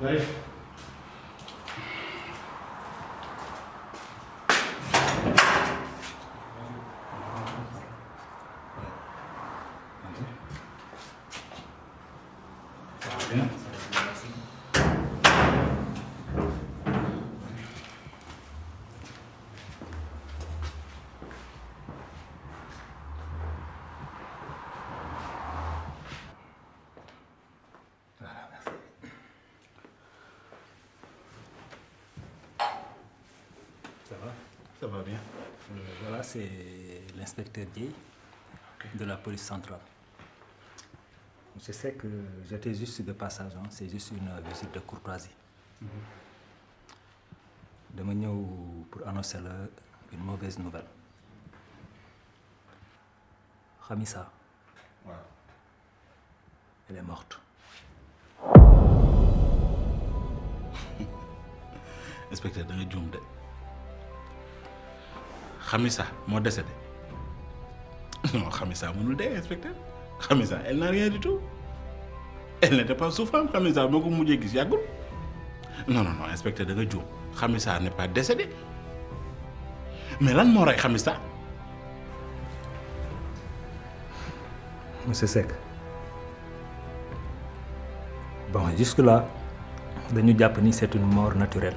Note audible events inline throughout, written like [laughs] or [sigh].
Life Ça va Ça va bien. Euh, voilà, c'est l'inspecteur D. de la police centrale. Je sais que j'étais juste de passage, hein. c'est juste une visite de courtoisie. Mm-hmm. de ñëw pour annoncer une mauvaise nouvelle Ramisa, elle est morte. [laughs] inspecteur Khamisa est décédé non Khamisa mënul inspecteur Khamisa elle n'a rien du tout elle n'était pas souffrante Khamisa moo ko mujjee gis yàggul non non non inspecteur de nga Khamisa n'est pas décédée. mais elle est rey Khamisa. monsieur Sec. bon jusque là dañu dit ni c'est une mort naturelle.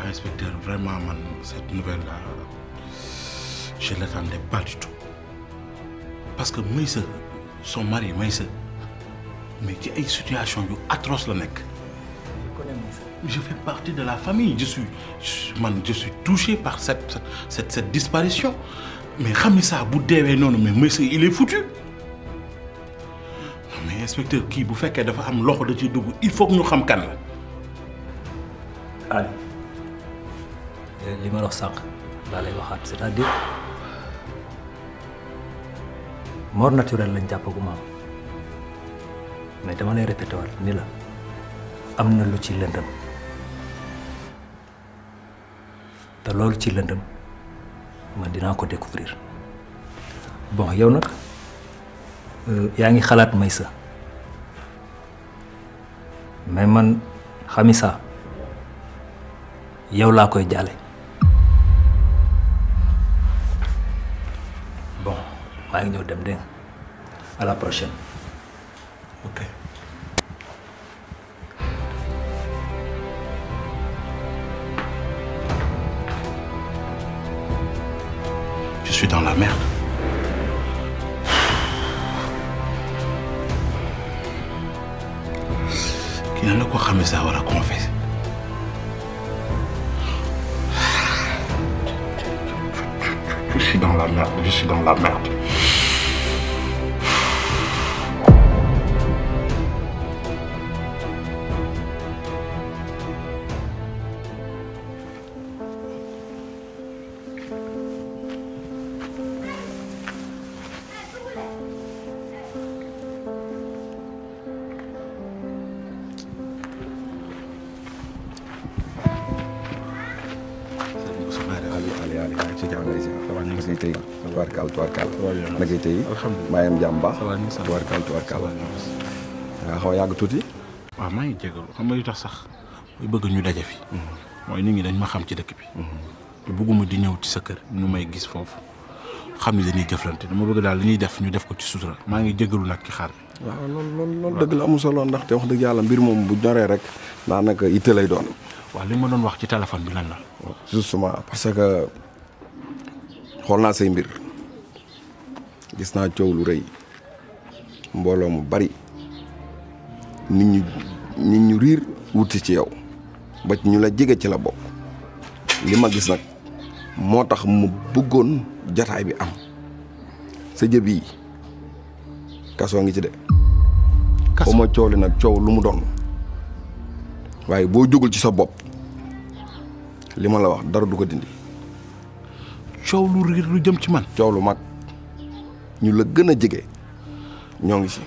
quoi, inspecteur, vraiment, man, cette nouvelle-là, je ne l'attendais pas du tout. Parce que Maïse, son mari, Maïse, mais il y a une situation atroce. le mec. Je connais mon Je fais partie de la famille. Je suis, man, je suis touché par cette, cette, cette, cette disparition. Mais Ramissa Boudéwe, non, mais Maïse, il est foutu. Non, mais inspecteur, qui vous fait qu'il y a des il faut que nous sachions qui Lima ma balai Wahat. laa lay natural c' est à dire mort naturelle nila. mais dama lay ni la am lu ci lendam ta loolu ci lendam man dina ko découvrir bon yow ya nak euh yaangi xalat may mais man xamisa yow la koy à la prochaine ok. je suis dans la merde. Qui n'a pas ko xamee ça war la confesser. je suis dans la merde je suis dans la merde. naka tey maa ngi am jàmm baax. tubarkaal tubarkaal nga xaw yàgg tuuti. waaw maa ngi jégalu xam ma li tax sax muy bëgg ñu daje fi. Mhm. mooy nit ñi dañ ma xam ci dëkk bi. Mhm. te bëgguma di ñëw ci sa kër ñu may gis foofu xam ne dañuy jëflante dama bëgg daal li ñuy def ñu def ko ci sutura maa ngi jégalu nag ci xaar bi. waaw lool loolu dëgg la amul solo ndaxte wax dëgg yàlla mbir moom bu ñoree rek daanaka itte lay doon. waaw li ma doon wax ci téléphone bi lan la. justement parce que xool say mbir. gis naa coow lu rëy mbooloo mu bari nit ñu nit ñu riir wuti ci yow ba ñu la jege ci la bopp li ma gis nag moo tax mu bëggoon jataay bi am sa jëb yi kasoo ngi ci de kaso ma coow li nag coow lu mu doon waaye boo jógul ci sa bopp li ma la wax dara du ko dindi coow lu riir lu jëm ci man coow lu mag ñu la gën a jege ñoo ngi si.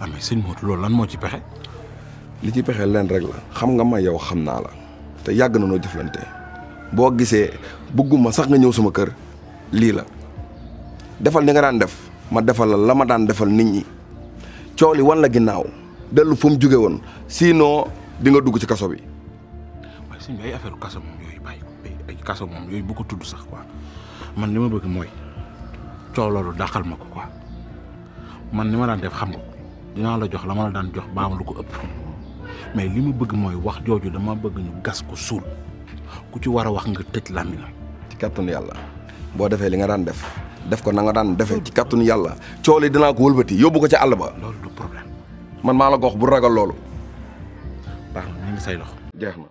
waaw mais sëñ Modou loolu lan moo ci pexe. li ci pexe leen rek la xam nga ma yow xam naa la te yàgg na noo jëflante boo gisee bëgguma sax nga ñëw sama kër lii la defal ni nga daan def ma defal la la ma daan defal nit ñi coow li wan la ginnaaw dellu fu mu jóge woon siinoo di nga dugg ci kaso bi. waaye sëñ bi ay affaire kaso moom yooyu bàyyi ay kaso bu ko tudd sax man li ma bëgg mooy coow loolu dàqal ma ko quoi man li ma daan def xam nga dinaa la jox la ma la daan jox baam lu ko ëpp mais li ma bëgg mooy wax jooju dama bëgg ñu gas ko suul ku ci war a wax nga tëj lamina ci kàttanu yàlla boo defee li nga daan def def ko na nga daan defee ci kàttanu yàlla coow li dinaa ko wëlbati yóbbu ko ci àll ba. loolu du problème. man maa la gox bu ragal loolu. baax na ñu say loxo. jeex na.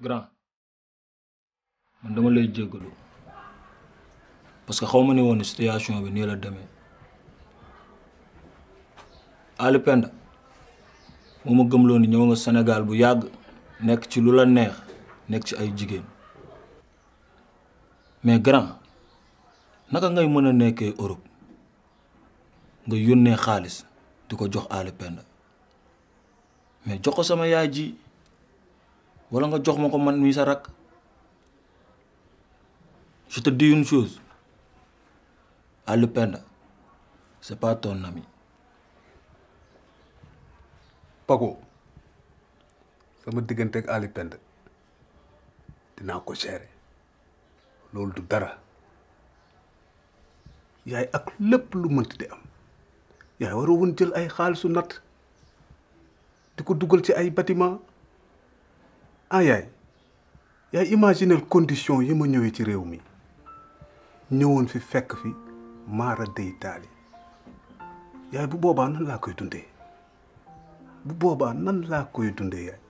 grand man dama lay jéggalu parce que xaw ma ne woon situation bi nii la demee Ali moo ma gëmloo ni ñëw nga Sénégal bu yàgg nekk ci lu la neex nekk ci ay jigéen mais grand naka ngay mën a nekkee Europe nga yónnee xaalis du ko jox Ali mais jox ko sama yaay ji. wala nga jox ma ko man mii sa rak je te dis une chose Alioune c'est pas ton ami Paco sama diggante ak Alioune dinaa ko gérer loolu du dara yaay ak lépp lu mënti di am yaay waroo woon jël ay xaalisu natt di ko duggal ci ay bâtiment ah yaay yaay imaginel condition yi ma ñëwee ci réew mi ñëwoon fi fekk fi maara day taali yaay bu boobaa nan laa koy dundee bu boobaa nan laa koy dundee yaay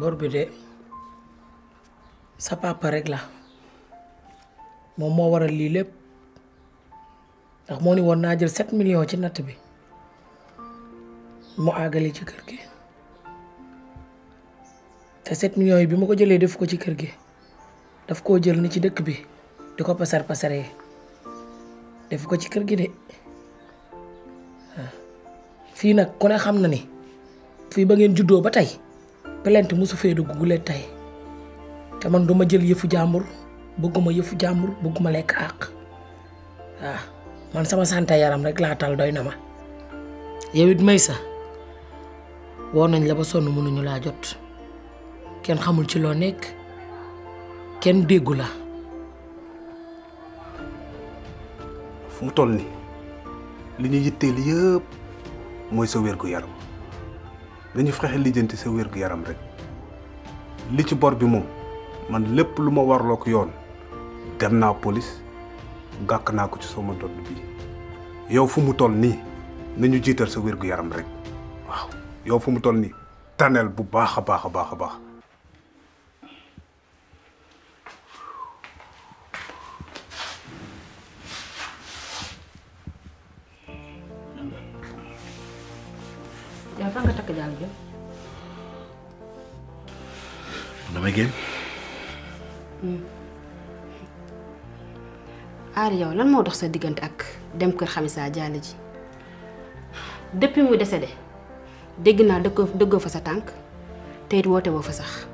bor bi de sa papa rek la moom moo waral lii lépp ndax moo ni woon naa jël sept millions ci natt bi mu àggale ci kër gi te 7 millions yi bi ma ko jëlee def ko ci kër gi daf ko jël ni ci dëkk bi diko ko pasar def ko ci kër gi de ah. fi nak ku ne xam na ni fi ba ngeen juddoo ba tey plainte musu fee dugg gu leen tey te man duma jël yëfu jàmbur bëgguma yëfu jàmbur bëgguma lekk àq ah man sama santé yaram rek laa tal doy na ma yow it may sa woo nañ la ba sonn mënuñu laa jot Ken xamul ci lo nek ken déggu la fu mu toll ni li ñu li yépp mooy sa wér-gu-yaram dañu fexe lijjanti sa wér-gu-yaram rek li ci bor bi moom man lépp lu ma warloo ko yoon dem naa police gàkk naa ko ci sama dodd bi yow fu mu toll nii nañu jiital sa wér-gu-yaram rek waaw yow fu mu toll nii tanel bu baax a baax a baax a baax aar yow lan moo dox sa diggante ak dem kër xamisa jaale ji depuis muy décédé dégg naa dëkkoo dëggoo fa sa tànk te it woote woo fa sax.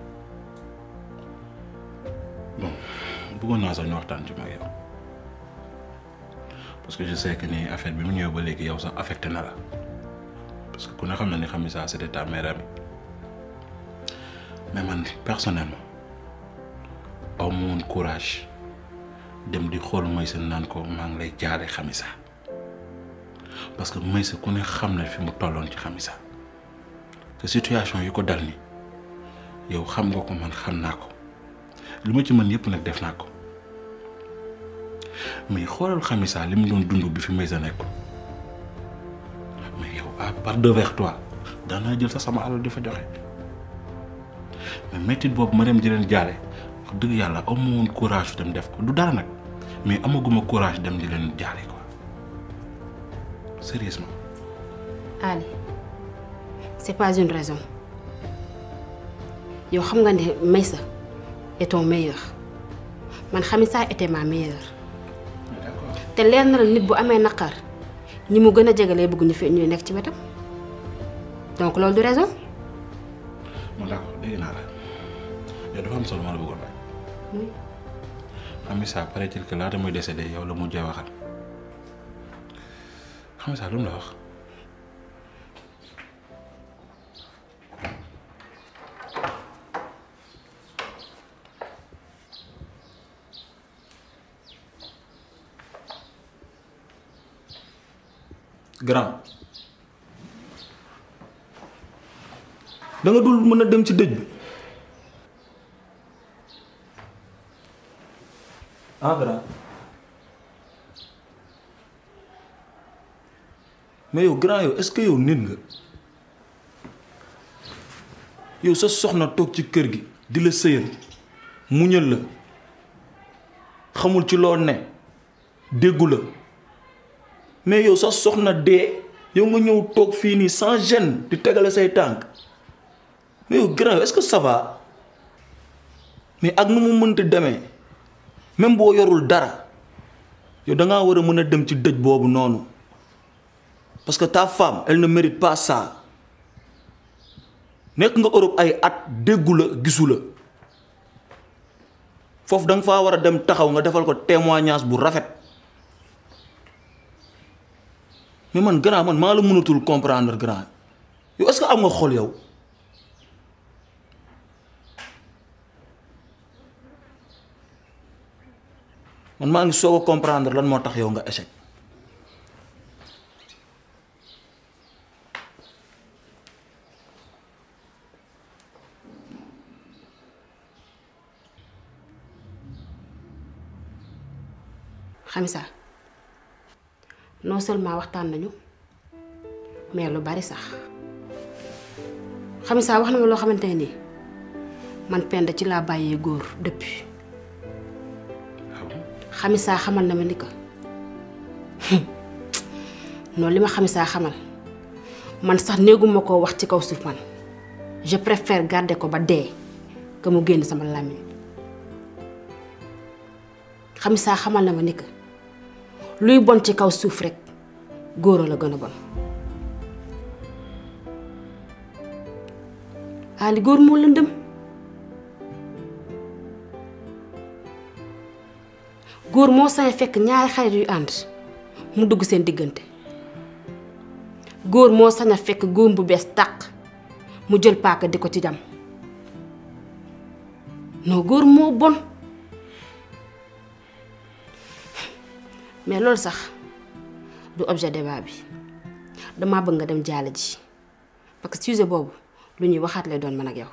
bon bëggoon naa sax ñu waxtaan mag yow parce que je sais que ni affaire bi mu ñëw ba léegi yow sax affecté na la parce que ku ne xam na ni xamisa c'était ta mère mais man personnellement. aw ma courage dem di xool Maysa naan ko maa ngi lay jaale Xamisa parce que Maysa ku ne xam na fi mu tolloon ci Xamisa te situation yi ko dal ni yow xam nga ko man xam naa ko lu ma ci mën yëpp nag def naa ko mais xoolal Xamisa li mu doon dund bi fi Maysa nekk mais yow à part devers toi daanaa jël sa sama alal di fa joxe mais méttit boobu ma dem di leen jaale dëgg yalla amu woon courage dem def ko du dara nak mais amaguma courage dem di len jaale quoi sérieusement. allez c'est pas une raison yow xam nga ne Maïssa est ton meilleur man khamissa était ma meilleure. te leer na nit bu amé nakar ñi mu gëna a bëggu ñu fi ñuy nekk ci wetam donc loolu du raison. man d'accord dégg naa la yow dafa am solo ma la bëggoon rek. oui. Amissa paraît-il laata muy décédé yow la mujjee waxal Amissa lu mu la wax. grand da dul mën a dem ci dëj bi. mais grand est-ce que tu nit nga sa soxna tok ci kër gi di la sëyal muñal la xamul ci la mais sa soxna nga sans gêne say mais grand est-ce que ça va mais ak nu mu même bo yorul dara yo da nga wara a a dem ci deej bobu nonou parce que ta femme elle ne mérite pas ça nek nga Europe ay at degoula gisoula fof dang fa wara a dem taxaw nga defal ko témoignage bu rafet mais man grand man ma la meunatul comprendre grand yo est ce que am nga xol yow man ma ngi soog a comprendre lan motax yow nga échec Xamisa non seulement waxtan nañu mais lu bari sax Xamisa waxna lo xamanteni man pend ci la baye gor depuis. xamisaa xamal na ma ni ko noonu li ma xamisaa xamal man sax néeguma koo wax ci kaw suuf man je préfère garder ko ba dee que mu génn sama làmmiñ xamisaa xamal na ma ni ko luy bon ci kaw suuf rekk góor la gën a bon Ali góor moo lëndëm góor moo sañ fekk ñaari xarit yu ànd mu dugg seen diggante góor moo sañ fekk góor bu bees tàq mu jël paaka di ko ci dem non góor moo bon mais loolu sax du objet débat bi dama bëgg nga dem jaale ji parce que sujet boobu lu ñuy waxaat lay doon mën ak yow.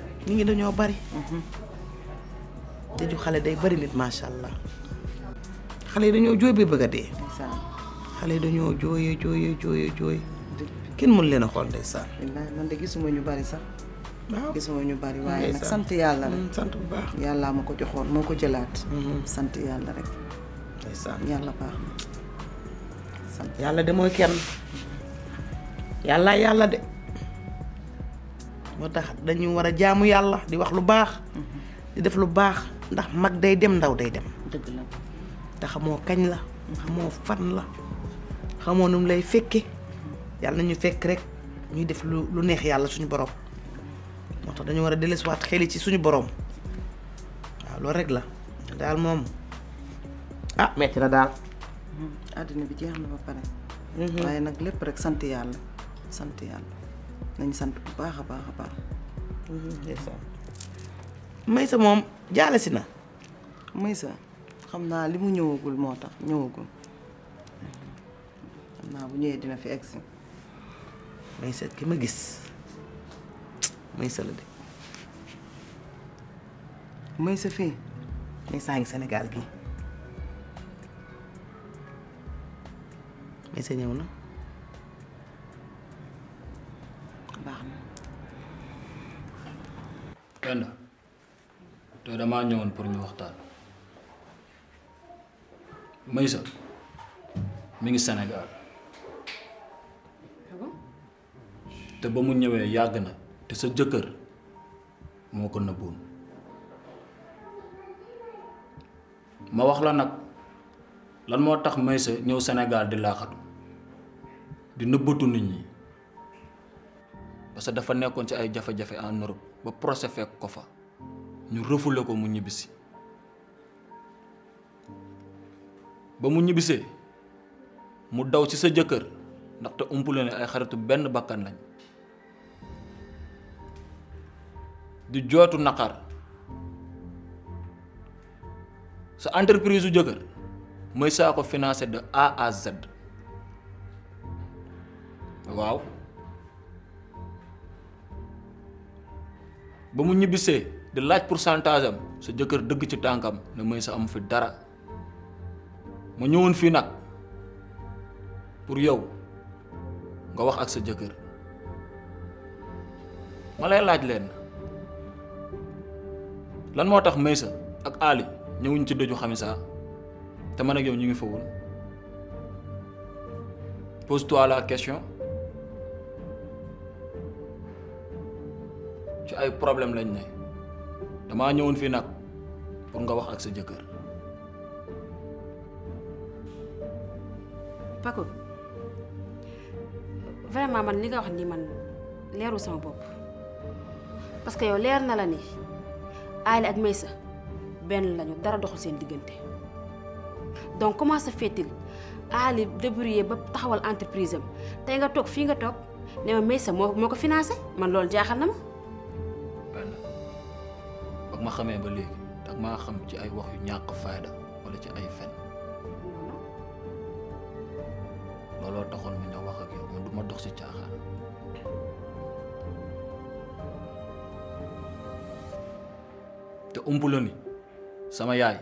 nit ngi dañoo bari daju mhm. xale day bari nit macha allah xale yi dañoo jooy ba bëgg a dee. xale yi dañoo jooyee jooyee jooyee jooy kenn mënu leen a xool ndeysaan. wallaahi man de gisuma ñu bari sax. waaw gisuma ñu bari waaye nag sant yàlla rek. Mm, sant bu baax yàlla ma ko joxoon moo ko jëlaat. Mm-hmm. sant yàlla rek. ndeysaan yàlla baax na. sant yàlla de mooy kenn mm-hmm. yàlla yàlla de. moo tax dañu war a jaamu yàlla di wax lu baax. di def lu baax ndax mag day dem ndaw day dem. dëgg la te xamoo kañ la. xamoo fan la xamoo nu mu lay fekke yàlla ñu fekk rek ñuy def lu lu neex yàlla suñu boroom moo tax dañu war a dellusiwaat xel yi ci suñu boroom waaw loolu rek la daal moom ah metti na daal. àddina bi jeex na ba pare. Mhm. waaye nag lépp rek sant yàlla sant yàlla. nañ sant bu baax a baax a baax. Maysa moom jaale si na. Maysa xam naa li mu ñëwagul moo tax ñëwagul xam naa bu ñëwee dina fi é egg si. Maysa ki ma gis Maysa la de. Maysa fii. Maysa ngi Sénégal gi Maysa ñëw é na. baaxna penda te dama ñëwoon pour ñu waxtaan maysa mi ngi sénégal te ba mu ñëwee yàgg na te sa jëkkër moo ko ma wax la nag lan moo tax maysa ñëw sénégal di laaxatu di nëbbatu nit parce que dafa nekkon ci ay jafe-jafe en Europe ba procès fekk ko fa ñu refoulé ko mu ñibisi ba mu ñibisé mu daw ci sa jëkkër ndaxte umpule ne ay xaritu benn bakkan lañ di jotu nakar sa entreprise su jëkkër mooy ko financer de A à Z wow. ba mu ñibbisee di laaj pour pourcentage am sa jëkkër dëgg ci tànkam ne may sa am fi dara ma ñëwoon fii nag pour yow nga wax ak sa jëkkër ma lay laaj leen lan moo tax Maysa ak Ali ñëwuñ ci dëju xamisa te man ak yow ñu ngi fa woon pose-toi la question ci ay problème lañ ne damaa ñëwoon nag pour nga wax ak sa jëkkër. Paco vraiment man li nga wax nii man leerul sama bopp parce que leer na la ni Aly ak Maysa benn lañu dara doxul seen diggante donc comment se fait-il Aly ba taxawal entreprise ma tey nga toog fii nga toog ne ma Maysa moo moo ko financé man loolu jaaxal na ma. xamé ba légui dag ma xam ci ay wax yu ñak faayda wala ci ay fen lolo taxon mu ñëw wax ak yow man duma dox ci caaxaan te ump ni sama yaay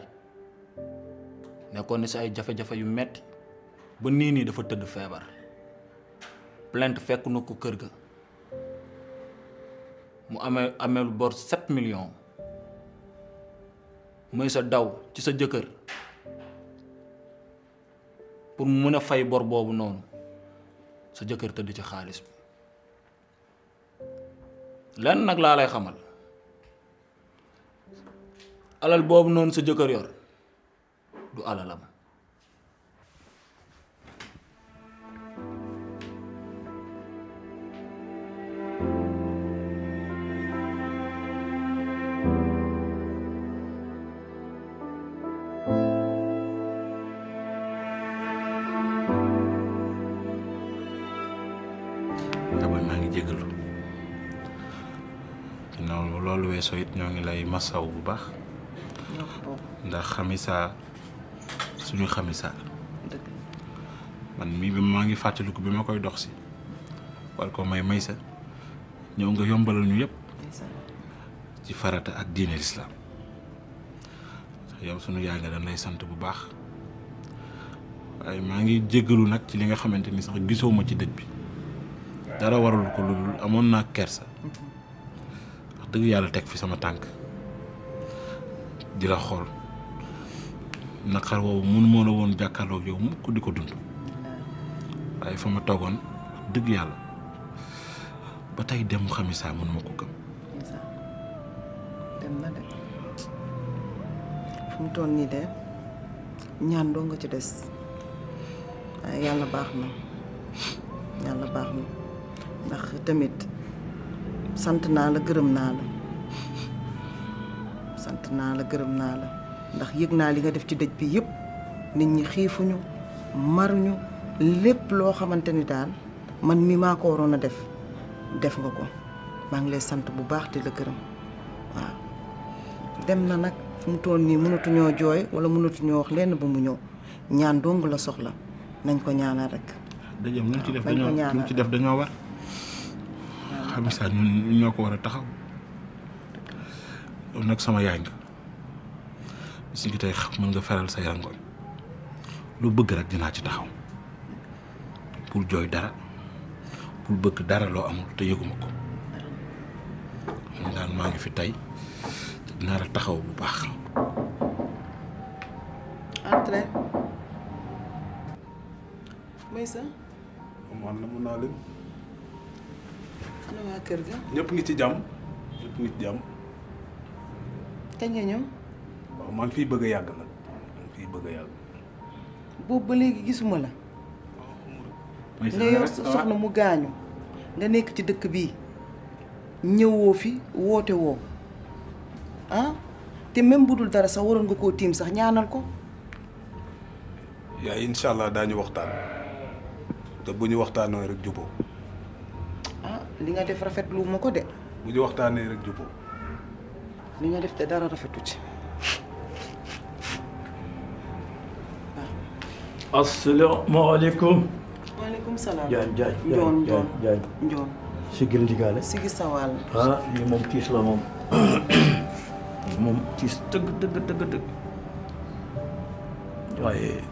nekkoon ni sa ay jafé jafé yu metti ba ni ni dafa teud feebar plainte fekk na ko kër ga mu amé amé lu bor 7 millions mooy sa daw ci sa jëkkër pour mu mën a fay bor boobu noonu sa jëkkër tëdd ci xaalis bi lenn nag laa lay xamal alal boobu noonu sa jëkkër yor du alalam weso it ñoo ngi lay masaw bu baax ndax xamisa suñu xamisa man mi bi ma ngi fàttaliku bi ma koy dox si war ko may may sa ñëw nga yombalal ñu yëpp ci farata ak diine lislaam yow sunu yaay nga dañ lay sant bu baax waaye maa ngi jéggalu nag ci li nga xamante ni sax gisoo ma ci dëj bi dara warul ko lu amoon kersa mhm deug yalla tek fi sama tank dila xol nakar wo mun mo la woon jàkkaarloog yow mukk diko dund ay fama togon deug yalla ba tay dem xamisaa mun mako gëm. dem na de fu ton ni de ñaan do nga ci des ay yalla baax na yàlla na ndax tamit. sant naa la gërëm naa la sant naa la gërëm naa la ndax yëg naa li nga def ci dëj bi yëpp nit ñi xiifuñu maruñu lépp loo xamante ni daal man mi maa ko waroon a def def nga ko maa ngi lay sant bu baax te la gërëm waaw dem na nag fu mu toll nii mënatuñoo jooy wala mënatuñoo wax lenn ba mu ñëw ñaan dong la soxla nañ ko ñaanal rek. waaw nañ ko ñaanal dañoo ci def dañoo war. amissage ñun ñoo ko war a taxaw loolu nag sama yaay nga bis ngi tey mën nga feral say rangoñ lu bëgg rek dinaa ci taxaw pour jooy dara pour bëgg dara loo amul te yëguma ko mun daal maa ngi fi tey te dinaa la taxaw bu baax entre ana waa kër ñëpp ngi ci jàmm ñëpp kañ nga ñëw. waaw maa ngi bëgg a yàgg nag bëgg a boobu ba léegi gisuma la. nga yor soxna mu gaañu. nga nekk ci dëkk bii ñëwoo fi woote woo ah te même bu dul dara sax waroon nga koo tiim sax ñaanal ko. yaay incha daañu waxtaan te bu ñu waxtaanoo rek juboo li nga def rafetlu ma ko de. bu di waxtane rek jubóo. li nga def te dara rafetu ci. asalaamaaleykum. waaleykum salaam. Diagne Diagne Diagne Diagne Diagne. Ndiol Sigil Ndigaale. Sigil sawal ah ni mom tiss la mom [coughs] mom tiss deug deug deug deug waye eh.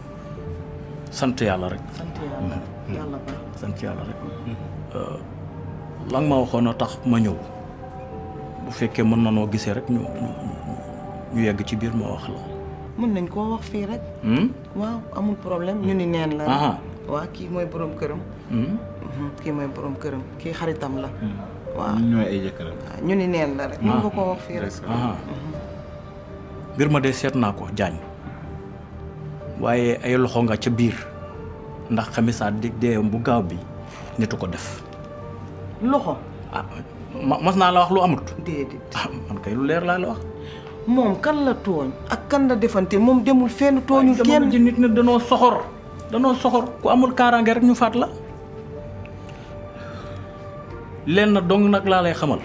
sante yalla rek. sante yalla mhm, mhm. yalla ba sante yalla rek lan ma waxono tax ma ñew bu fekke mën nañu noo rek ñu ñu yegg ci biir ma wax la. mën nañ ko wax fi rek. Hmm? waaw amul problème ñu ni neen la. wa ki moy borom hmm, hmm ki moy borom kërëm ki xaritam la. Hmm. waaw ñooy ay jëkëram ñu ni neen la rek. ñu ko wax fi rek. bir ma dé sét na ko jañ waye ay loxo nga ci biir ndax xamisa dig bu gaaw bi nitu ko def. loxo. ah mas naa la wax lu amut. déedéet ah, lu leer laa la moom kan la tooñ. ak kan la defante moom demul fenn tooñu. kenn ji nit na danoo soxor. danoo soxor ku amul kaaraange rek ñu faat la. leen na dong nag laa lay xamal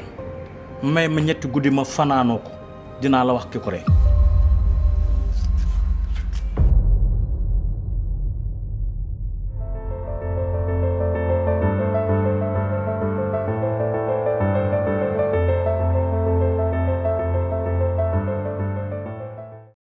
may ma ñetti guddi ma fanaanoo ko dinaa la wax ki ko rey.